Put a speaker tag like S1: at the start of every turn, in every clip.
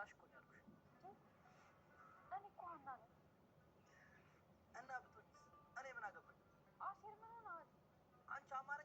S1: ገባሽ እኮ ያልኩሽ።
S2: እኔ እኮ ሀና ነኝ።
S1: እና ብትሆኚስ እኔ ምን አገባኝ?
S2: አሴር ምን ሆነሃል
S1: አንቺ አማራ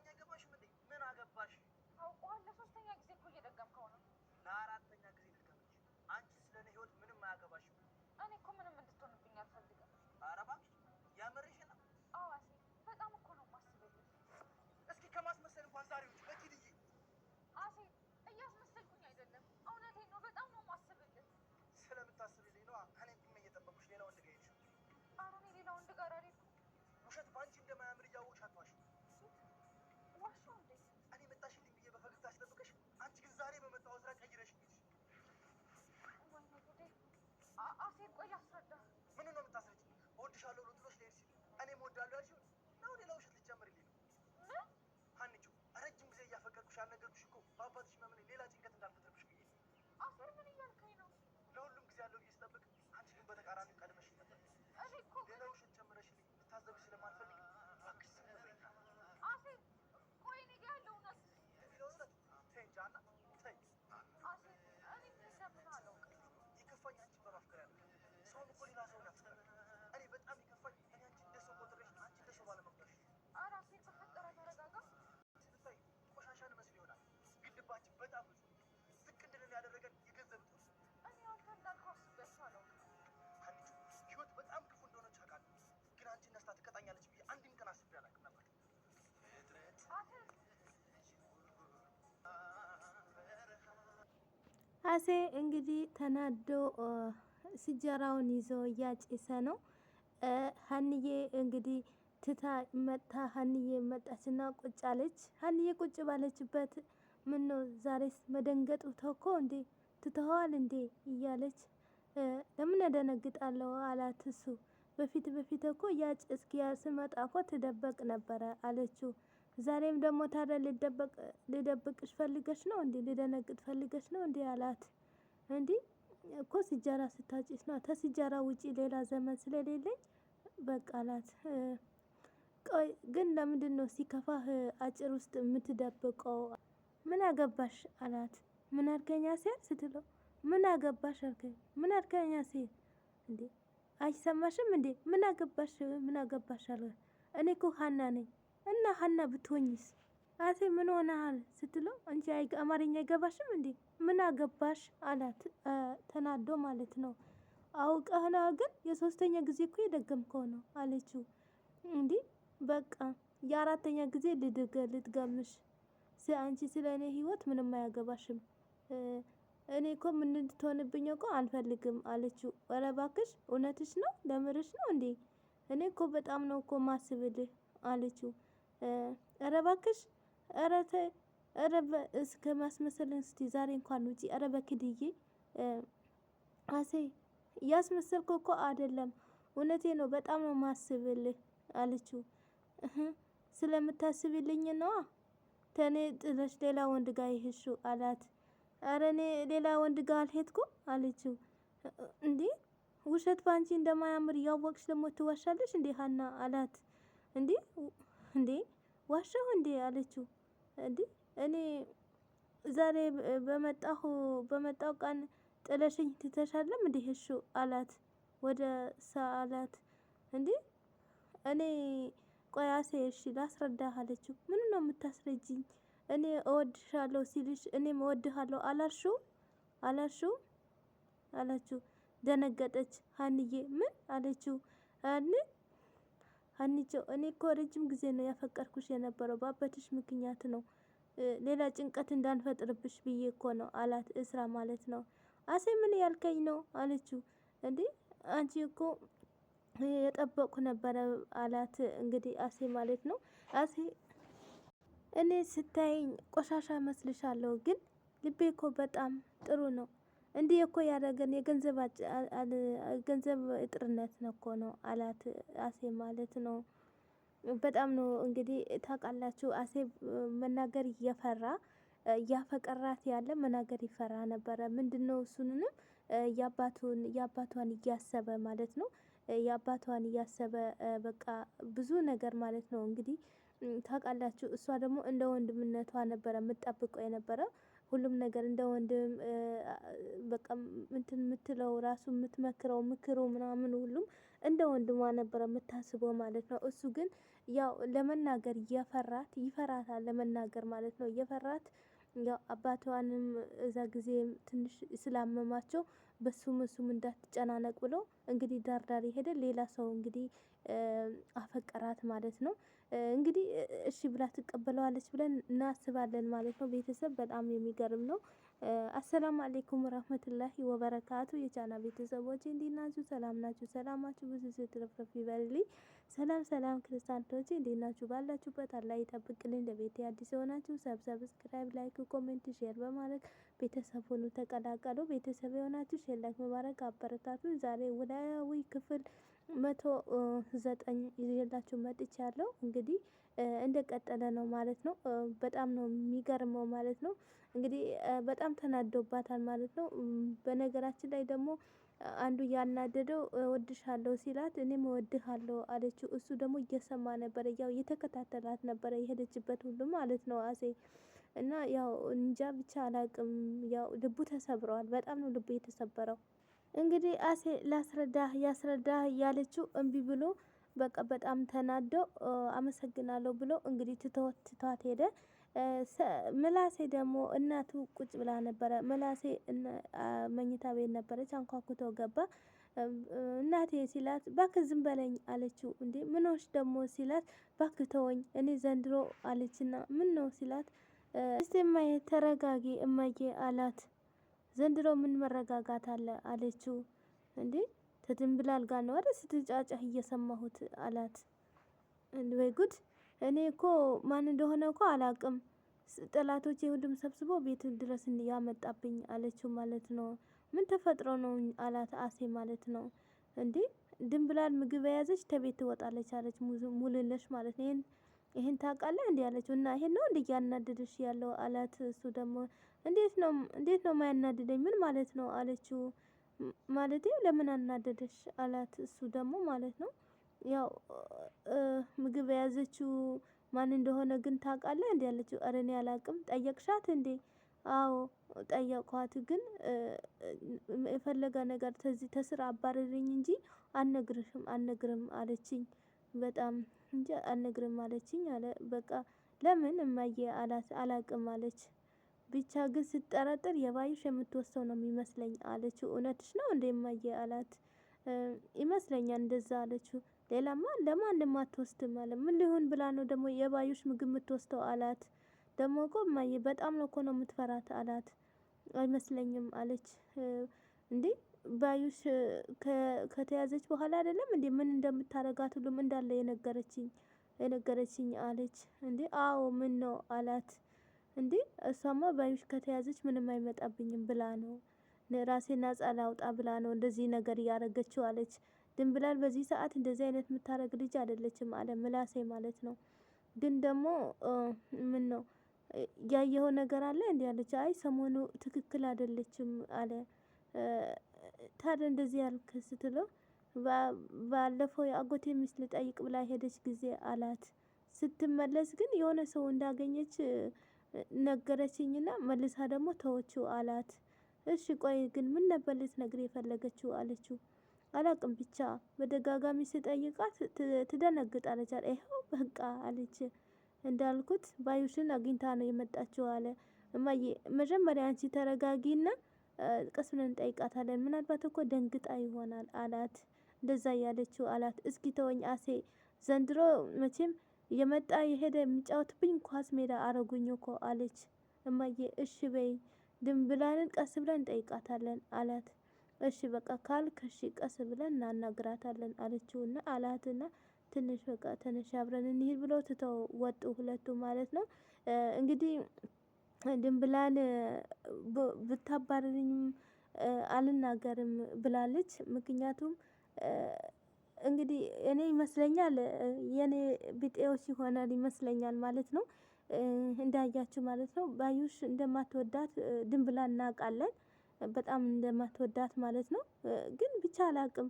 S1: ስለምታስብልኝ ነው። እኔ እየጠበኩሽ ሌላ ወንድ ጋር ሄድሽ።
S2: ኧረ እኔ ሌላ ወንድ ጋር አልሄድኩም።
S1: ውሸት በአንቺ እንደማያምር እያወቅሽ አትዋሽ። እንዴ? እኔ መጣሽልኝ ብዬ በፈገግታ ስጠብቅሽ፣ አንቺ ግን ዛሬ በመጣው ስራ ቀይረሽ ሄድሽ። ቆይ ነው እወድሻለሁ ሊሄድ ሲል ያልሽው ነው ሌላ ውሸት ነው? ረጅም ጊዜ እያፈቀድኩሽ ያልነገርኩሽ እኮ በአባትሽ መምን ሌላ ጭንቀት እንዳልፈጥር
S2: አሴ እንግዲህ ተናዶ ሲጀራውን ይዞ እያጨሰ ነው። ሀንዬ እንግዲህ ትታ መጣ ሀንዬ መጣችና ቁጭ አለች። ሀንዬ ቁጭ ባለችበት ምን ነው ዛሬስ መደንገጡ ተኮ እንዴ ትተዋል እንዴ እያለች ለምን ያደነግጣለው አላት። እሱ በፊት በፊት እኮ ያጭ እስኪያ ስመጣ እኮ ትደበቅ ነበረ አለችው። ዛሬም ደግሞ ታዲያ ልደበቅ ልደብቅሽ ፈልገሽ ነው እንዴ? ልደነግጥ ፈልገሽ ነው እንዴ? አላት። እንዲህ እኮ ሲጃራ ስታጭስ ነው ተሲጃራ ውጪ ሌላ ዘመን ስለሌለኝ በቃ አላት። ቆይ ግን ለምንድን ነው ሲከፋህ አጭር ውስጥ የምትደብቀው? ምን አገባሽ አላት። ምን አድከኛ ሴት ስትለው ምን አገባሽ አልከኝ። ምን አድከኛ ሴት እንዴ አይሰማሽም እንዴ? ምን አገባሽ ምን አገባሽ አለ። እኔ እኮ ሀና ነኝ እና ሀና ብትሆኝስ አሴ ምን ሆነሃል ስትለው አንቺ አማርኛ አይገባሽም እንዴ ምን አገባሽ አላት ተናዶ ማለት ነው። አውቀህና ግን የሶስተኛ ጊዜ እኮ የደገምከው ነው አለችው። እንዲህ በቃ የአራተኛ ጊዜ ልድገምሽ አንቺ ስለ እኔ ህይወት ምንም አያገባሽም። እኔ እኮ ምን እንድትሆንብኝ እኮ አልፈልግም አለችው። ኧረ እባክሽ እውነትሽ ነው ለምርሽ ነው እንዴ እኔ እኮ በጣም ነው እኮ ማስብልህ አለችው። ኧረ እባክሽ ኧረ ተይ ኧረ እስከ ማስመሰል እስቲ ዛሬ እንኳን ውጪ ኧረ በክድዬ አሴ ያስመሰልኩ እኮ አይደለም እውነቴ ነው በጣም ነው ማስብልህ አለችው። ስለምታስብልኝ ነዋ ተኔ ጥለሽ ሌላ ወንድ ጋር ይሄሹ አላት። ኧረ እኔ ሌላ ወንድ ጋር አልሄድኩም አለችው። እንዴ ውሸት በአንቺ እንደማያምር እያወቅሽ ደግሞ ትዋሻለሽ እንዴ ሀና አላት። እንዴ እንዴ ዋሻው እንዴ አለችው። እንዴ እኔ ዛሬ በመጣሁ በመጣው ቀን ጥለሽኝ ትተሻለም እንዴ እሹ አላት። ወደ ሳ አላት እንዴ እኔ ቆያሴ እሺ ላስረዳ አለችው። ምን ነው የምታስረጅኝ? እኔ እወድሻለሁ ሲልሽ እኔም እወድሃለሁ አላሹ አላሹ አላችሁ። ደነገጠች ሀንዬ ምን አለችው። እኔ ሀኒቾ እኔ እኮ ረጅም ጊዜ ነው ያፈቀርኩሽ የነበረው ባበትሽ ምክንያት ነው። ሌላ ጭንቀት እንዳንፈጥርብሽ ብዬ እኮ ነው አላት። እስራ ማለት ነው። አሴ ምን ያልከኝ ነው አለችው። እንዴ አንቺ እኮ የጠበቁ ነበረ አላት። እንግዲህ አሴ ማለት ነው። አሴ እኔ ስታይኝ ቆሻሻ መስልሻለሁ፣ ግን ልቤ እኮ በጣም ጥሩ ነው። እንዲህ እኮ ያደረገን የገንዘብ ገንዘብ እጥርነት እኮ ነው አላት አሴ ማለት ነው። በጣም ነው እንግዲህ ታውቃላችሁ፣ አሴ መናገር እየፈራ እያፈቀራት ያለ መናገር ይፈራ ነበረ። ምንድን ነው እሱንንም የአባቱን የአባቷን እያሰበ ማለት ነው የአባቷን እያሰበ በቃ ብዙ ነገር ማለት ነው እንግዲህ ታውቃላችሁ። እሷ ደግሞ እንደ ወንድምነቷ ነበረ የምጠብቀው የነበረው ሁሉም ነገር እንደ ወንድም በቃ እንትን የምትለው ራሱ የምትመክረው ምክሩ ምናምን ሁሉም እንደ ወንድሟ ነበረ የምታስበው ማለት ነው። እሱ ግን ያው ለመናገር እየፈራት ይፈራታል ለመናገር ማለት ነው እየፈራት ያው አባቷንም እዛ ጊዜ ትንሽ ስላመማቸው በሱም እሱም እንዳትጨናነቅ ብሎ እንግዲህ ዳርዳር የሄደ ሌላ ሰው እንግዲህ አፈቀራት ማለት ነው። እንግዲህ እሺ ብላ ትቀበለዋለች ብለን እናስባለን ማለት ነው። ቤተሰብ በጣም የሚገርም ነው። አሰላሙ አሌይኩም ወረህመቱላሂ ወበረካቱ የቻና ቤተሰቦች እንዴት ናችሁ? ሰላም ናችሁ? ሰላማችሁ ብዙ ስትረፍረፍ ይበልልኝ። ሰላም ሰላም ክርስቲያኖቼ እንዴት ናችሁ? ባላችሁበት አላህ ይጠብቅልኝ። ለቤት አዲስ የሆናችሁ ሰብ ሰብስክራይብ፣ ላይክ፣ ኮሜንት፣ ሼር በማድረግ ቤተሰብ ሁኑ ተቀላቀሉ። ቤተሰብ የሆናችሁ ሼር፣ ላይክ በማድረግ አበረታቱ። ዛሬ ኖላዊ ክፍል መቶ ዘጠኝ ይዤላችሁ መጥቻለሁ። እንግዲህ እንደቀጠለ ነው ማለት ነው። በጣም ነው የሚገርመው ማለት ነው። እንግዲህ በጣም ተናዶባታል ማለት ነው። በነገራችን ላይ ደግሞ አንዱ ያናደደው እወድሻለሁ ሲላት እኔም እወድሃለሁ አለችው። እሱ ደግሞ እየሰማ ነበረ፣ ያው እየተከታተላት ነበረ የሄደችበት ሁሉ ማለት ነው አሴ እና ያው እንጃ ብቻ አላቅም። ያው ልቡ ተሰብረዋል። በጣም ነው ልቡ የተሰበረው። እንግዲህ አሴ ላስረዳህ ያስረዳህ ያለችው እምቢ ብሎ በቃ በጣም ተናዶ አመሰግናለሁ ብሎ እንግዲህ ትተወት ትቷት ሄደ። ምላሴ ደግሞ እናቱ ቁጭ ብላ ነበረ። ምላሴ መኝታ ቤት ነበረች። አንኳኩቶ ገባ። እናቴ ሲላት ባክ ዝም በለኝ አለችው። እንዴ ምኖች ደግሞ ሲላት ባክ ተወኝ እኔ ዘንድሮ አለችና ምን ነው ሲላት እስቲ እማዬ ተረጋጊ እማዬ አላት። ዘንድሮ ምን መረጋጋት አለ አለችው። እንዴ ተድንብላል ጋር ነው አይደል ስትጫጫህ እየሰማሁት አላት። ወይ ጉድ! እኔ እኮ ማን እንደሆነ እኮ አላቅም። ጠላቶቼ ሁሉም ሰብስቦ ቤት ድረስ ያመጣብኝ አለችው ማለት ነው። ምን ተፈጥሮ ነው አላት አሴ ማለት ነው። እንዴ ድንብላል ምግብ የያዘች ተቤት ትወጣለች አለች ሙሉነሽ ማለት ነው። ይህን ታውቃለህ እንዲህ አለችው እና ይሄን ነው እንዲህ እያናደደሽ ያለው አላት። እሱ ደግሞ እንዴት ነው እንዴት ነው ማያናደደኝ ምን ማለት ነው አለችው። ማለት ለምን አናደደሽ አላት። እሱ ደግሞ ማለት ነው ያው ምግብ የያዘችው ማን እንደሆነ ግን ታውቃለህ እንዲ አለችው። ኧረ እኔ አላውቅም ጠየቅሻት እንዴ? አዎ ጠየኳት ግን የፈለገ ነገር ተዚህ ተስራ አባርሪኝ እንጂ አነግርሽም አነግርም አለችኝ። በጣም እንጂ አልነግርም አለችኝ አለ። በቃ ለምን እማዬ አላቅም አለች። ብቻ ግን ስጠረጥር የባዩሽ የምትወስደው ነው የሚመስለኝ አለችው። እውነትሽ ነው እንደ እማዬ አላት። ይመስለኛል እንደዛ አለችው። ሌላማ ለማንም አትወስድም አለ። ምን ሊሆን ብላ ነው ደግሞ የባዩሽ ምግብ የምትወስደው አላት። ደግሞ እኮ እማዬ በጣም ነው እኮ ነው የምትፈራት አላት። አይመስለኝም አለች። እንዴ ባዩሽ ከተያዘች በኋላ አይደለም እንዴ ምን እንደምታረጋት ሁሉም እንዳለ የነገረችኝ የነገረችኝ አለች። እንዴ አዎ ምን ነው አላት። እንዴ እሷማ ባዩሽ ከተያዘች ምንም አይመጣብኝም ብላ ነው ራሴና ነጻ ላውጣ ብላ ነው እንደዚህ ነገር እያረገችው አለች። ብላል በዚህ ሰዓት እንደዚህ አይነት የምታረግ ልጅ አይደለችም አለ ምላሴ ማለት ነው። ግን ደግሞ ምን ነው ያየኸው ነገር አለ እንዲህ አለች። አይ ሰሞኑ ትክክል አይደለችም አለ ታዲያ እንደዚህ ያልክ ስትለው ባለፈው የአጎቴ ሚስት ልጠይቅ ብላ ሄደች ጊዜ አላት። ስትመለስ ግን የሆነ ሰው እንዳገኘች ነገረችኝና መልሳ ደግሞ ተወችው አላት። እሺ ቆይ ግን ምን ነበር ልትነግር የፈለገችው አለችው። አላቅም ብቻ በደጋጋሚ ስጠይቃት ትደነግጣለች። ይኸው በቃ አለች። እንዳልኩት ባዩሽን አግኝታ ነው የመጣችው አለ። እማዬ መጀመሪያ አንቺ ተረጋጊና ቀስ ብለን እንጠይቃታለን። ምናልባት እኮ ደንግጣ ይሆናል አላት። እንደዛ እያለችው አላት። እስኪ ተወኝ አሴ፣ ዘንድሮ መቼም የመጣ የሄደ የሚጫወትብኝ ኳስ ሜዳ አረጉኝ እኮ አለች። እማዬ እሺ በይ ድንብላልን ቀስ ብለን እንጠይቃታለን አላት። እሺ በቃ ካልክ እሺ ቀስ ብለን እናናግራታለን አለችው አላት አላትና ትንሽ በቃ ተነሽ አብረን እንሂድ ብሎ ትተው ወጡ ሁለቱ ማለት ነው እንግዲህ ድንብላል ብታባርርኝም አልናገርም ብላለች። ምክንያቱም እንግዲህ እኔ ይመስለኛል የኔ ቢጤዎች ይሆናል ይመስለኛል ማለት ነው። እንዳያችሁ ማለት ነው ባዩሽ እንደማትወዳት ድንብላል እናውቃለን። በጣም እንደማትወዳት ማለት ነው። ግን ብቻ አላቅም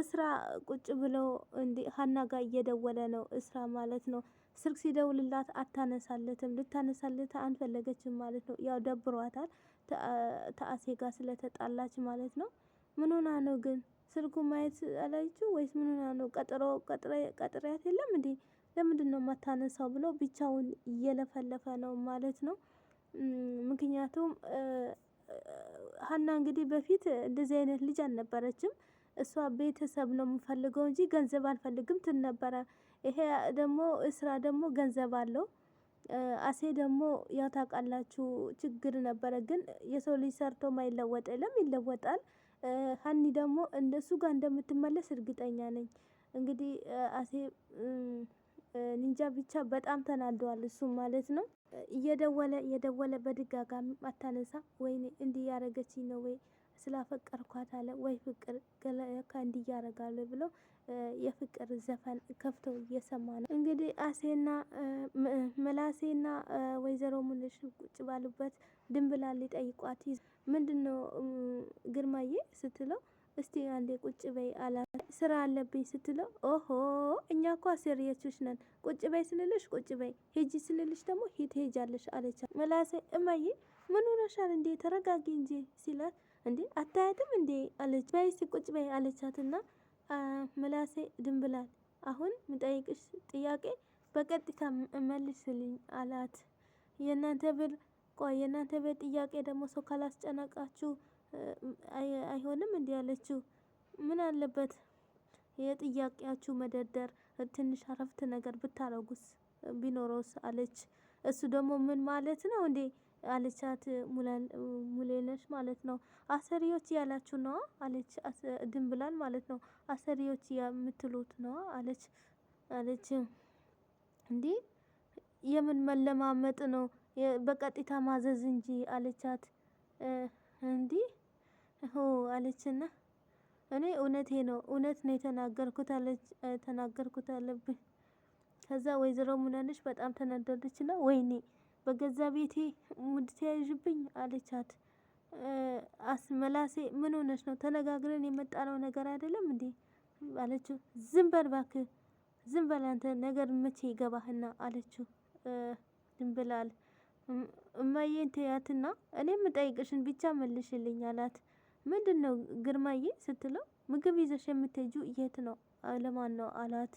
S2: እስራ ቁጭ ብሎ እንዲ ሀና ጋር እየደወለ ነው እስራ ማለት ነው። ስልክ ሲደውልላት አታነሳለትም። ልታነሳለት አንፈለገችም ማለት ነው። ያው ደብሯታል ተአሴ ጋር ስለተጣላች ማለት ነው። ምን ሆና ነው ግን ስልኩ ማየት አላየችው ወይስ ምን ሆና ነው? ቀጥሮ ቀጥሪያት የለም እንዴ? ለምንድን ነው የማታነሳው ብሎ ብቻውን እየለፈለፈ ነው ማለት ነው። ምክንያቱም ሀና እንግዲህ በፊት እንደዚህ አይነት ልጅ አልነበረችም። እሷ ቤተሰብ ነው የምፈልገው እንጂ ገንዘብ አልፈልግም ትል ነበረ። ይሄ ደግሞ ስራ ደግሞ ገንዘብ አለው። አሴ ደግሞ ያው ታውቃላችሁ ችግር ነበረ። ግን የሰው ልጅ ሰርቶ ማይለወጥ የለም፣ ይለወጣል። ሀኒ ደግሞ እንደሱ ጋር እንደምትመለስ እርግጠኛ ነኝ። እንግዲህ አሴ ኒንጃ ብቻ በጣም ተናደዋል። እሱ ማለት ነው እየደወለ እየደወለ በድጋጋሚ አታነሳ። ወይኔ እንዲህ ያደረገችኝ ነው ወይ ስላፈቀርኳት አለ ወይ ፍቅር ገለካ እንዲ ያደርጋል ብሎ የፍቅር ዘፈን ከፍተው እየሰማ ነው እንግዲህ አሴና መላሴና ወይዘሮ ሙልሽ ቁጭ ባሉበት ድንብላል ሊጠይቋት ምንድን ነው ግርማዬ ስትለው እስቲ አንዴ ቁጭ በይ አላት። ስራ አለብኝ ስትለው ኦሆ እኛ እኮ ሴሪየሶች ነን፣ ቁጭ በይ ስንልሽ ቁጭ በይ፣ ሂጂ ስንልሽ ደግሞ ሂድ ሄጃለሽ አለቻት። መላሴ እማዬ ምን ሆነሻል እንዴ ተረጋጊ እንጂ ሲላት እንዴ አታያትም እንዴ አለች። በይ ቁጭ በይ አለቻትና ምላሴ ድንብላል፣ አሁን ምጠይቅሽ ጥያቄ በቀጥታ መልስልኝ አላት። የእናንተ ብር ቆይ የእናንተ ብር ጥያቄ ደግሞ ሰው ካላስጨነቃችሁ አይሆንም እንዲ አለችው። ምን አለበት የጥያቄያችሁ መደርደር ትንሽ አረፍት ነገር ብታረጉስ ቢኖረውስ አለች። እሱ ደግሞ ምን ማለት ነው እንዴ አለቻት ሙሌነሽ ማለት ነው። አሰሪዎች ያላችሁ ነዋ አለች ድንብላል ማለት ነው። አሰሪዎች የምትሉት ነዋ አለች አለች እንዴ የምን መለማመጥ ነው በቀጥታ ማዘዝ እንጂ አለቻት። እንዲህ ሆ አለችና እኔ እውነቴ ነው እውነት ነው የተናገርኩት አለች ተናገርኩት አለብኝ። ከዛ ወይዘሮ ሙናነሽ በጣም ተናደደችና ወይኔ በገዛ ቤቴ ሙድ ተያይዥብኝ አለቻት። አስመላሴ ምን ሆነች ነው? ተነጋግረን የመጣነው ነገር አይደለም እንዴ አለችው። ዝም በል እባክህ፣ ዝም በል አንተ ነገር መቼ ይገባህና አለችው። ዝም ብላል እማዬን እንትያትና እኔ የምጠይቅሽን ብቻ መልሽልኝ አላት። ምንድን ነው ግርማዬ ስትለው ምግብ ይዘሽ የምትሄጂው የት ነው ለማን ነው አላት።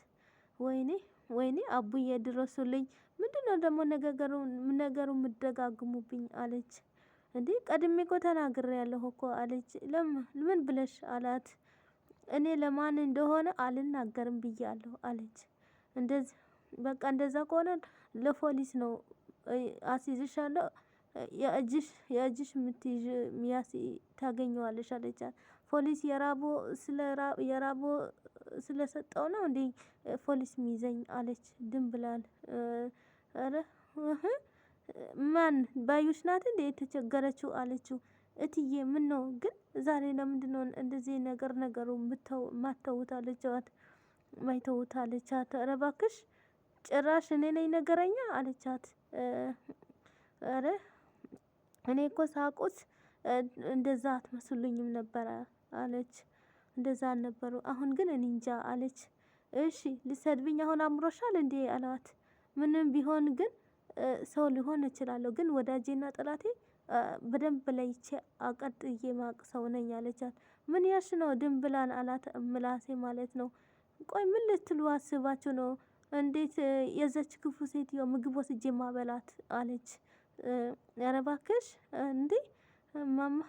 S2: ወይኔ ወይኔ አቡዬ ድረሱልኝ፣ ምንድን ነው ደግሞ ነገሩ የምደጋግሙብኝ አለች። እንዴ ቀድሜ እኮ ተናግሬ ያለሁ እኮ አለች። ለምን ብለሽ አላት። እኔ ለማን እንደሆነ አልናገርም ብያለሁ አለች። እንደዚህ በቃ እንደዛ ከሆነ ለፖሊስ ነው አስይዝሻለሁ፣ የእጅሽ የእጅሽ የምትይዥ ሚያስ ታገኘዋለሽ አለቻት። ፖሊስ የራቦ ስለ የራቦ ስለሰጠው ነው እንዴ ፖሊስ ሚይዘኝ አለች ብላል። ኧረ ማን ባዩሽ ናት እንዴ የተቸገረችው አለችው። እትዬ ምን ነው ግን ዛሬ ለምንድን ነው እንደዚህ ነገር ነገሩ ማተውት አለቻት። ማይተውት አለቻት። ኧረ እባክሽ ጭራሽ እኔ ነኝ ነገረኛ አለቻት። ኧረ እኔ እኮ ሳቁት እንደዛ አትመስሉኝም ነበረ አለች። እንደዛ አልነበሩ። አሁን ግን እኔ እንጃ አለች። እሺ ልሰድብኝ አሁን አምሮሻል እንዴ አለዋት። ምንም ቢሆን ግን ሰው ሊሆን እችላለሁ፣ ግን ወዳጄና ጠላቴ በደንብ ለይቼ አቀጥዬ ማቅ ሰው ነኝ አለቻት። ምን ያሽ ነው ድንብላን አላት። ምላሴ ማለት ነው። ቆይ ምን ልትሉ አስባችሁ ነው? እንዴት የዘች ክፉ ሴትዮ ምግብ ወስጄ ማበላት አለች። ያረባክሽ እንዴ ማማ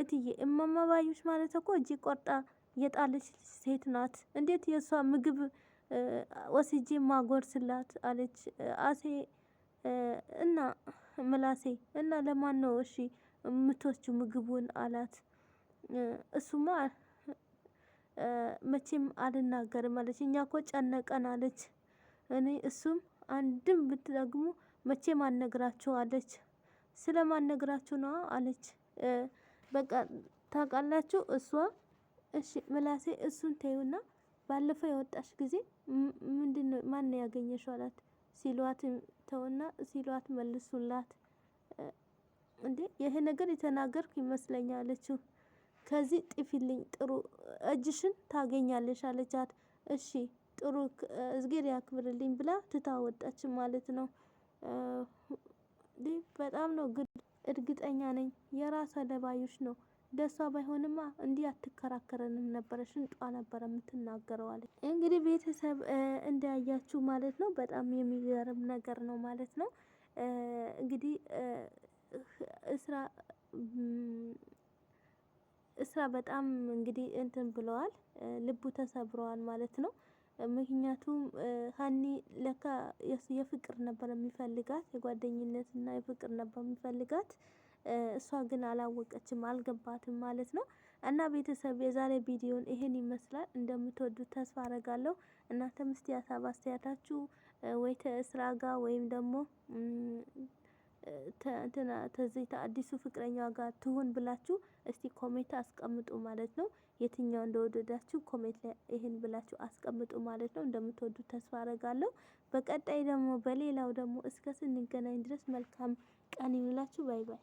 S2: እትዬ እማማ ባዩሽ ማለት እኮ እጅ ቆርጣ የጣለች ሴት ናት። እንዴት የእሷ ምግብ ወስጄ ማጎርስላት አለች አሴ እና ምላሴ እና ለማን ነው እሺ ምቶቹ ምግቡን አላት። እሱማ መቼም አልናገርም አለች። እኛ ኮ ጨነቀን አለች። እኔ እሱም አንድም ብትደግሙ መቼም አልነግራችሁ አለች። ነግራችሁ ነዋ አለች። በቃ ታውቃላችሁ። እሷ እሺ ምላሴ እሱን ተዩና ባለፈው የወጣሽ ጊዜ ምንድን ነው ማን ያገኘሽው አላት። ሲሏት ተውና ሲሏት መልሱላት። እንዴ ይሄ ነገር የተናገርኩ ይመስለኛል አለችው። ከዚህ ጥፊልኝ ጥሩ እጅሽን ታገኛለሽ አለቻት። እሺ ጥሩ እግዜር ያክብርልኝ ብላ ትታወጣች ማለት ነው። በጣም ነው ግድ እርግጠኛ ነኝ የራሷ ለባዮች ነው። ደሷ ባይሆንማ እንዲህ አትከራከረንም ነበረ፣ ሽንጧ ነበረ የምትናገረው እንግዲህ ቤተሰብ እንዳያችሁ ማለት ነው። በጣም የሚገርም ነገር ነው ማለት ነው። እንግዲህ ስራ እስራ በጣም እንግዲህ እንትን ብለዋል፣ ልቡ ተሰብረዋል ማለት ነው። ምክንያቱም ሀኒ ለካ የፍቅር ነበር የሚፈልጋት የጓደኝነትና የፍቅር ነበር የሚፈልጋት። እሷ ግን አላወቀችም፣ አልገባትም ማለት ነው። እና ቤተሰብ የዛሬ ቪዲዮን ይሄን ይመስላል። እንደምትወዱት ተስፋ አረጋለሁ። እናንተም እስቲ ሀሳብ አስተያየታችሁ ወይ ከእስራ ጋር ወይም ደግሞ ተዚህ አዲሱ ፍቅረኛዋ ጋር ትሁን ብላችሁ እስቲ ኮሜንት አስቀምጡ ማለት ነው። የትኛው እንደወደዳችሁ ኮሜንት ላይ ይህን ብላችሁ አስቀምጡ ማለት ነው። እንደምትወዱት ተስፋ አረጋለሁ። በቀጣይ ደግሞ በሌላው ደግሞ እስከ ስንገናኝ ድረስ መልካም ቀን ይሁንላችሁ። ባይ ባይ።